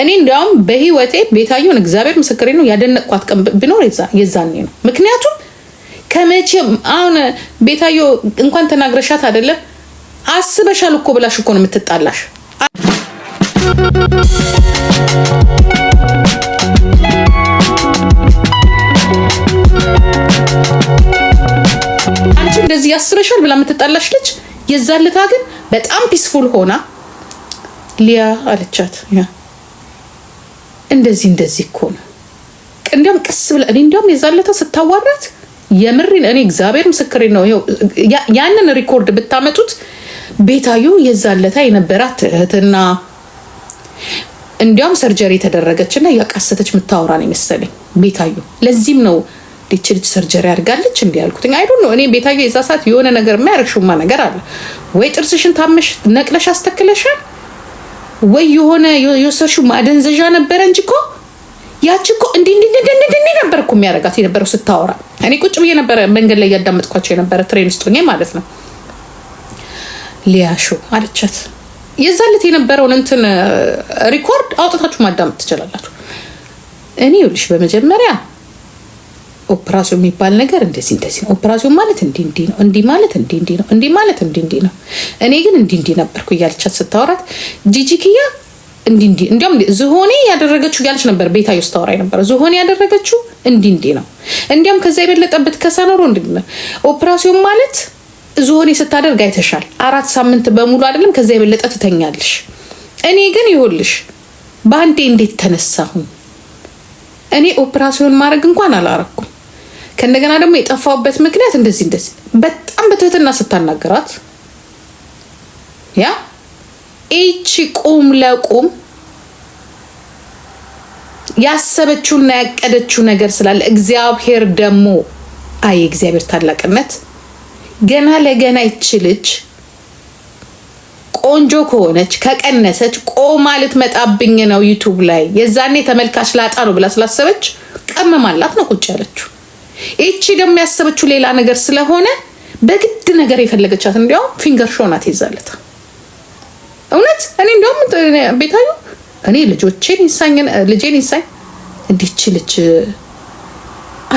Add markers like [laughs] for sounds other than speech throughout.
እኔ እንዲያውም በህይወቴ ቤታየውን እግዚአብሔር ምስክሬ ነው ያደነቅኳት ቀን ቢኖር የዛኔ ነው። ምክንያቱም ከመቼም አሁን ቤታየ እንኳን ተናግረሻት አይደለም አስበሻል እኮ ብላሽ እኮ ነው የምትጣላሽ። አንቺ እንደዚህ ያስበሻል ብላ የምትጣላሽ ልጅ የዛን ልታ ግን በጣም ፒስፉል ሆና ሊያ አለቻት ያ እንደዚህ እንደዚህ እኮ ነው። እንዲያውም ቀስ ብላ እኔ እንዲያውም የዛለታ ስታዋራት የምሪን እኔ እግዚአብሔር ምስክሬ ነው። ያንን ሪኮርድ ብታመጡት ቤታዩ የዛለታ የነበራት እህትና እንዲያውም ሰርጀሪ የተደረገችና ያቃሰተች የምታወራ ነው የመሰለኝ ቤታዩ። ለዚህም ነው ዲች ልጅ ሰርጀሪ አድርጋለች እንዲ ያልኩት አይዱ ነው። እኔ ቤታዩ የዛ ሰዓት የሆነ ነገር የማያረግሽማ ነገር አለ ወይ ጥርስሽን ታመሽ ነቅለሽ አስተክለሻል ወይ የሆነ የወሰድሽው ማደንዘዣ ነበረ እንጂ እኮ ያቺ እኮ እንዲህ እንዲህ ነበር እኮ የሚያደርጋት የነበረው ስታወራ። እኔ ቁጭ ብዬ ነበረ መንገድ ላይ እያዳመጥኳቸው የነበረ ትሬን ውስጥ ሆኜ ማለት ነው። ሊያሹ አለቻት። የዛ ዕለት የነበረውን እንትን ሪኮርድ አውጥታችሁ ማዳመጥ ትችላላችሁ። እኔ ይኸውልሽ በመጀመሪያ ኦፕራሲዮን የሚባል ነገር እንደዚህ እንደዚህ ነው። ኦፕራሲዮን ማለት እንዲህ እንዲህ ነው፣ እንዲህ ማለት እንዲህ እንዲህ ነው፣ እንዲህ ማለት እንዲህ እንዲህ ነው። እኔ ግን እንዲህ እንዲህ ነበርኩ እያለቻት ስታወራት ጂጂክያ እንዲህ እንዲህ እንዲያውም ዝሆኔ ያደረገችው እያለች ነበር ቤታዬ ስታወራ ነበር። ዝሆኔ ያደረገችው እንዲህ እንዲህ ነው፣ እንዲያውም ከዛ የበለጠበት ከሳ ኖሮ እንዲህ ነው። ኦፕራሲዮን ማለት ዝሆኔ ስታደርግ አይተሻል። አራት ሳምንት በሙሉ አይደለም ከዛ የበለጠ ትተኛለሽ። እኔ ግን ይኸውልሽ በአንዴ እንዴት ተነሳሁኝ። እኔ ኦፕራሲዮን ማድረግ እንኳን አላረኩም። ከእንደገና ደግሞ የጠፋውበት ምክንያት እንደዚህ እንደዚህ በጣም በትህትና ስታናገራት ያ ይቺ ቁም ለቁም ያሰበችውና ያቀደችው ነገር ስላለ እግዚአብሔር ደግሞ አይ እግዚአብሔር ታላቅነት ገና ለገና ይቺ ልጅ ቆንጆ ከሆነች ከቀነሰች ቆማ ልትመጣብኝ ነው ዩቱብ ላይ የዛኔ ተመልካች ላጣ ነው ብላ ስላሰበች ቀመማላት ነው ቁጭ ያለችው። ይቺ ደግሞ ያሰበችው ሌላ ነገር ስለሆነ በግድ ነገር የፈለገቻት እንዲያውም ፊንገር ሾና ናት ይዛለት። እውነት እኔ እንዲያውም ቤታዩ እኔ ልጆቼን ይሳኝ ልጄን ይሳኝ እንዲች ልጅ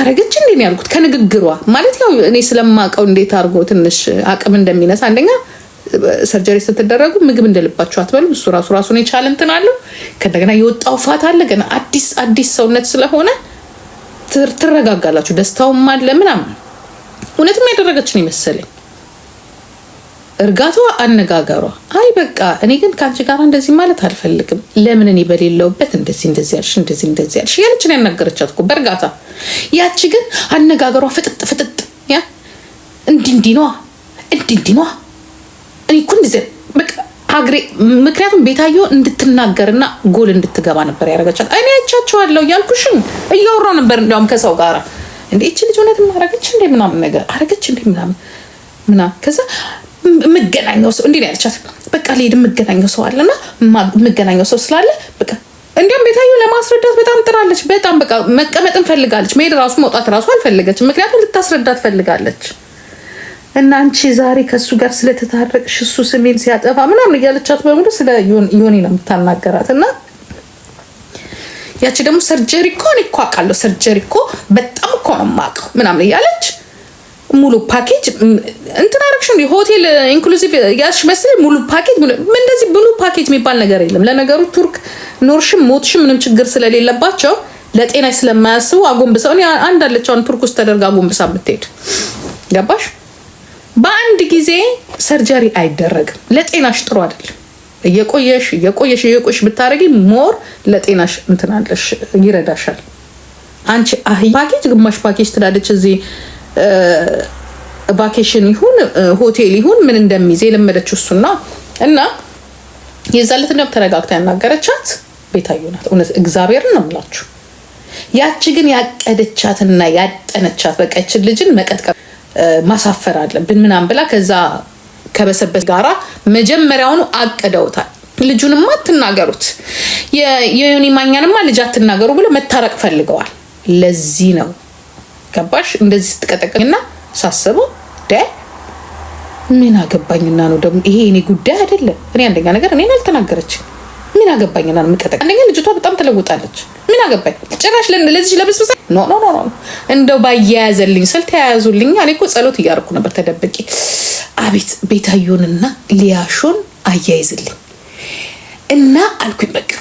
አረገች እንዴ ያልኩት። ከንግግሯ ማለት ያው እኔ ስለማውቀው እንዴት አድርጎ ትንሽ አቅም እንደሚነሳ አንደኛ ሰርጀሪ ስትደረጉ ምግብ እንደልባችሁ አትበሉ እሱ ራሱ ራሱን የቻለ እንትን አለው። ከእንደገና የወጣው ፋት አለ ገና አዲስ አዲስ ሰውነት ስለሆነ ትረጋጋላችሁ። ደስታውም አለ ምናምን። እውነትም ያደረገችን ይመስለኝ እርጋቷ፣ አነጋገሯ። አይ በቃ እኔ ግን ከአንቺ ጋር እንደዚህ ማለት አልፈልግም፣ ለምን እኔ በሌለውበት እንደዚህ እንደዚህ ያልሽ እንደዚህ እንደዚህ ያልሽ ያለችን ያናገረቻት እኮ በእርጋታ። ያቺ ግን አነጋገሯ ፍጥጥ ፍጥጥ ያ እንዲህ እንዲህ ነዋ እንዲህ እንዲህ ነዋ እኔ እኮ እንደዚህ በቃ አግሬ ምክንያቱም ቤታዮ እንድትናገርና ጎል እንድትገባ ነበር ያደረገቻት። እኔ አይቻቸዋለሁ እያልኩሽን እያወራ ነበር እንዲያውም ከሰው ጋር እንደ ይቺ ልጅ እውነትም አረገች እንደ ምናምን ነገር አረገች እንደ ምናምን ምናምን ከዛ የምገናኘው ሰው እንዴት ያለቻት በቃ ልሄድ የምገናኘው ሰው አለና የምገናኘው ሰው ስላለ በቃ እንዲሁም ቤታዮ ለማስረዳት በጣም ጥራለች። በጣም በቃ መቀመጥ እንፈልጋለች። መሄድ ራሱ መውጣት ራሱ አልፈለገችም። ምክንያቱም ልታስረዳት ፈልጋለች። እና አንቺ ዛሬ ከእሱ ጋር ስለተታረቅሽ እሱ ስሜን ሲያጠፋ ምናምን እያለቻት በሙሉ ስለ ዮኒ ነው የምታናገራት እና ያቺ ደግሞ ሰርጀሪ እኮ እኔ እኮ አውቃለሁ ሰርጀሪ እኮ በጣም እኮ ነው የማውቀው ምናምን እያለች ሙሉ ፓኬጅ እንትን አደረግሽ ሆቴል ኢንክሉሲቭ ያልሽ ሙሉ ፓኬጅ እንደዚህ ብሉ ፓኬጅ የሚባል ነገር የለም ለነገሩ ቱርክ ኖርሽም ሞትሽም ምንም ችግር ስለሌለባቸው ለጤና ስለማያስቡ አጎንብሰው አንድ አለች አሁን ቱርክ ውስጥ ተደርጋ አጎንብሳ የምትሄድ ገባሽ በአንድ ጊዜ ሰርጀሪ አይደረግም። ለጤናሽ ጥሩ አይደለም። እየቆየሽ እየቆየሽ እየቆየሽ ብታደረጊ ሞር ለጤናሽ እንትናለሽ ይረዳሻል። አንቺ ፓኬጅ ግማሽ ፓኬጅ ትላለች እዚህ ቫኬሽን ይሁን ሆቴል ይሁን ምን እንደሚይዝ የለመደችው እሱና እና የዛለት እንደም ተረጋግታ ያናገረቻት ቤታዮ ናት። እውነት እግዚአብሔርን ነው የምላችሁ። ያቺ ግን ያቀደቻትና ያጠነቻት በቀችን ልጅን መቀጥቀጥ ማሳፈር አለብን ምናምን ብላ ከዛ ከበሰበት ጋራ መጀመሪያውኑ አቅደውታል። ልጁንማ አትናገሩት፣ የዮኒ ማኛንማ ልጅ አትናገሩ ብሎ መታረቅ ፈልገዋል። ለዚህ ነው ገባሽ? እንደዚህ ስትቀጠቀኝና ሳስበው ምን አገባኝና ነው ደግሞ ይሄ እኔ ጉዳይ አይደለም። እኔ አንደኛ ነገር እኔን አልተናገረችም ምን አገባኝ ና ምቀጠቅ አንደኛ ልጅቷ በጣም ተለውጣለች። ምን አገባኝ ጭራሽ ለዚህ ለብስብሳ ኖ ኖ ኖ እንደው ባያያዘልኝ ስል ተያያዙልኝ። እኔ እኮ ጸሎት እያደረኩ ነበር ተደብቄ። አቤት ቤታዮንና ሊያሾን አያይዝልኝ እና አልኩኝ በቃ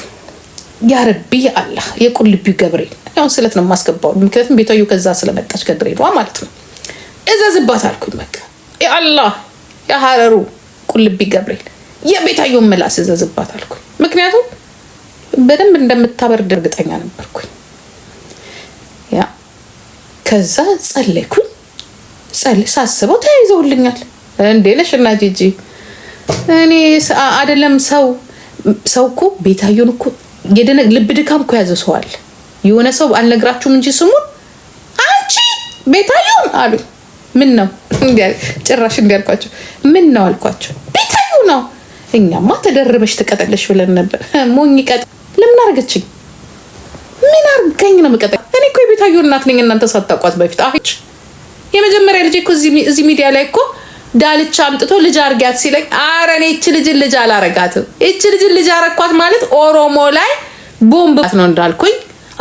ያረቢ አላ የቁልቢው ገብሬ ያሁን ስለት ነው የማስገባው። ምክንያቱም ቤታዮ ከዛ ስለመጣች ገብርኤሏ ማለት ነው። እዘዝባት አልኩኝ በቃ የአላ የሀረሩ ቁልቢ ገብርኤል የቤታዮን ምላስ እዘዝባት አልኩኝ። ምክንያቱም በደንብ እንደምታበርድ እርግጠኛ ነበርኩኝ። ያ ከዛ ጸለይኩኝ። ጸል ሳስበው ተያይዘውልኛል። እንዴ ነሽ እና ጂጂ እኔ አይደለም ሰው ሰው እኮ ቤታየን እኮ የደነ ልብ ድካም እኮ ያዘ ሰዋል የሆነ ሰው አልነግራችሁም እንጂ ስሙን አንቺ ቤታየን አሉ። ምን ነው ጭራሽ እንዲያልኳቸው ምን ነው አልኳቸው እኛማ ተደርበሽ ትቀጠለሽ ብለን ነበር። ሞኝ ቀጥ ለምን አርገችኝ? ምን አርገኝ ነው ምቀጠ? እኔ እኮ የቤታዮ እናት ነኝ እናንተ ሳታውቋት በፊት። አች የመጀመሪያ ልጅ እኮ እዚህ ሚዲያ ላይ እኮ ዳልቻ አምጥቶ ልጅ አርጊያት ሲለኝ፣ አረ እኔ ይቺ ልጅን ልጅ አላረጋትም። እች ልጅን ልጅ አረኳት ማለት ኦሮሞ ላይ ቦምብ ነው እንዳልኩኝ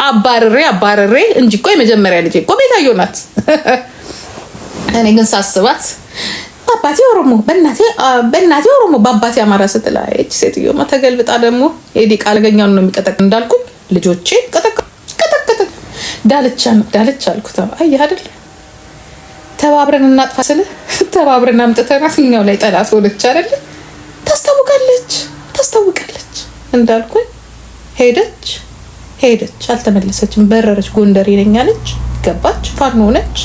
አባርሬ አባርሬ እንጂ እኮ የመጀመሪያ ልጅ እኮ ቤታዮ ናት። [laughs] እኔ ግን ሳስባት አባቴ ኦሮሞ በእናቴ በእናቴ ኦሮሞ በአባቴ አማራ ስትላ ይች ሴትዮማ ተገልብጣ ደግሞ ሄዲ ቃል ገኛውን ነው የሚቀጠቅ እንዳልኩ ልጆቼ ቀጠቀጠ። ዳልቻ ነው ዳልቻ አልኩት። አየህ አይደል ተባብረን እናጥፋ ስለ [laughs] ተባብረን አምጥተናት እኛው ላይ ጠላት ሆነች አይደለ? ታስታውቃለች ታስታውቃለች እንዳልኩኝ ሄደች ሄደች፣ አልተመለሰችም። በረረች። ጎንደር ነኝ አለች፣ ገባች፣ ፋኖ ሆነች።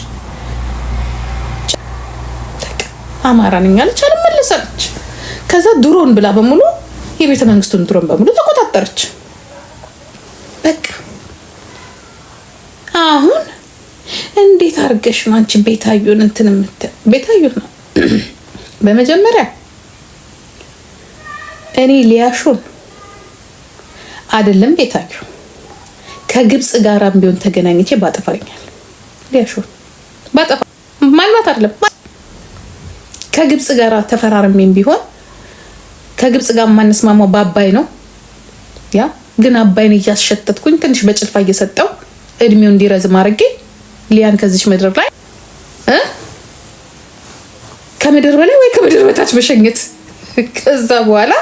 አማራ ነኝ አለች፣ አልመለሰለች። ከዛ ድሮን ብላ በሙሉ የቤተ መንግስቱን ድሮን በሙሉ ተቆጣጠረች። በቃ አሁን እንዴት አድርገሽ ነው አንቺ ቤታዩን እንትን የምትል ቤታዩ ነው። [clears throat] በመጀመሪያ እኔ ሊያሹን አይደለም ቤታዩ ከግብፅ ጋራም ቢሆን ተገናኝቼ ባጠፋኛል ሊያሹን ባጠፋ ማልማት አይደለም ከግብፅ ጋር ተፈራርሜም ቢሆን ከግብፅ ጋር የማነስማማው በአባይ ነው። ያ ግን አባይን እያስሸተትኩኝ ትንሽ በጭልፋ እየሰጠው እድሜው እንዲረዝም አድርጌ ሊያን ከዚች ምድር ላይ ከምድር በላይ ወይ ከምድር በታች መሸኘት ከዛ በኋላ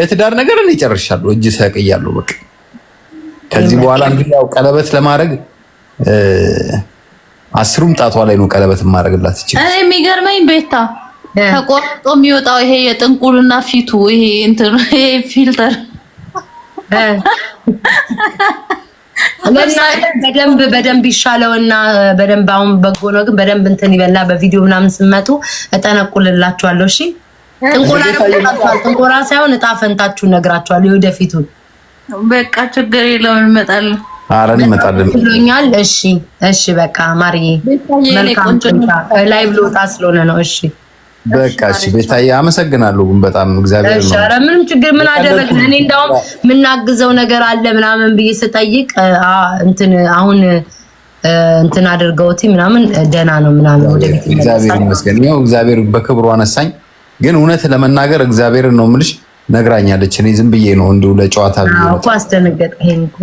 የትዳር ነገር እኔ ጨርሻለሁ። እጅ ሰቅያለሁ። በቃ ከዚህ በኋላ እንግዲህ ያው ቀለበት ለማድረግ አስሩም ጣቷ ላይ ነው ቀለበት ማድረግላት ይችላል። እኔ የሚገርመኝ ቤታ ተቆርጦ የሚወጣው ይሄ የጥንቁልና ፊቱ ይሄ እንትን ይሄ ፊልተር በደንብ በደንብ ይሻለውና በደንብ አሁን በጎ ነው፣ ግን በደንብ እንትን ይበላ። በቪዲዮ ምናምን ስመጡ እጠነቁልላችኋለሁ። እሺ ጥንቆላ ሳይሆን እጣ ፈንታችሁን ነግራችኋለሁ፣ የወደፊቱን በቃ ችግር የለውም እንመጣለን። አረ እንመጣለን ብሎኛል። እሺ እሺ፣ በቃ ማርዬ መልካም ላይ ብሎ ስለሆነ ነው። እሺ በቃ እሺ። ቤታዬ አመሰግናለሁ፣ ግን በጣም እግዚአብሔር ነው። አረ ምንም ችግር ምን አደረግን። እኔ እንደውም የምናግዘው ነገር አለ ምናምን ብዬ ስጠይቅ እንትን አሁን እንትን አድርገውት ምናምን ደህና ነው ምናምን ወደፊት እግዚአብሔር ይመስገን። ያው እግዚአብሔር በክብሩ አነሳኝ። ግን እውነት ለመናገር እግዚአብሔር ነው የምልሽ ነግራኛለች። እኔ ዝም ብዬ ነው እንዲሁ ለጨዋታ ብዬ ነው እኮ አስደነገጥከኝ እኮ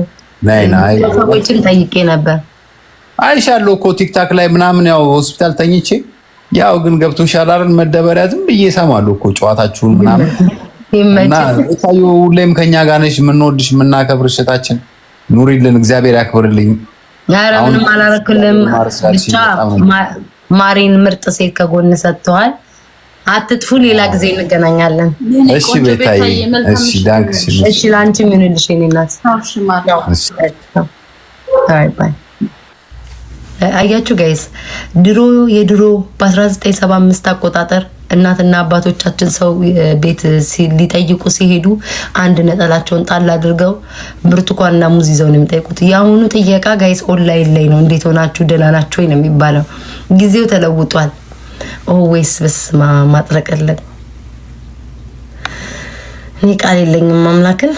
ሰዎችም ጠይቄ ነበር። አይሻለሁ እኮ ቲክታክ ላይ ምናምን ያው ሆስፒታል ተኝቼ ያው ግን ገብቶሻል አይደል መደበሪያ ዝም ብዬ እሰማለሁ እኮ ጨዋታችሁን ምናምን እና ታዩ ሁሌም ከኛ ጋር ነሽ የምንወድሽ የምናከብርሽ እህታችን ኑሪልን እግዚአብሔር ያክብርልኝ ምንም አላረክልም ብቻ ማሪን ምርጥ ሴት ከጎን ሰጥተዋል አትጥፉ። ሌላ ጊዜ እንገናኛለን። እሺ ቤታዬ፣ እሺ ዳንክ። እሺ ላንቺ ምን ልሽ የኔ እናት። አያችሁ ጋይስ፣ ድሮ የድሮ በ1975 አቆጣጠር እናትና አባቶቻችን ሰው ቤት ሊጠይቁ ሲሄዱ አንድ ነጠላቸውን ጣል አድርገው ብርቱካንና ሙዝ ይዘው ነው የሚጠይቁት። የአሁኑ ጥየቃ ጋይስ ኦንላይን ላይ ነው። እንዴት ሆናችሁ ደህና ናችሁ ነው የሚባለው። ጊዜው ተለውጧል። ወይስ በስማ ማጥረቀለቅ እኔ ቃል የለኝም አምላክን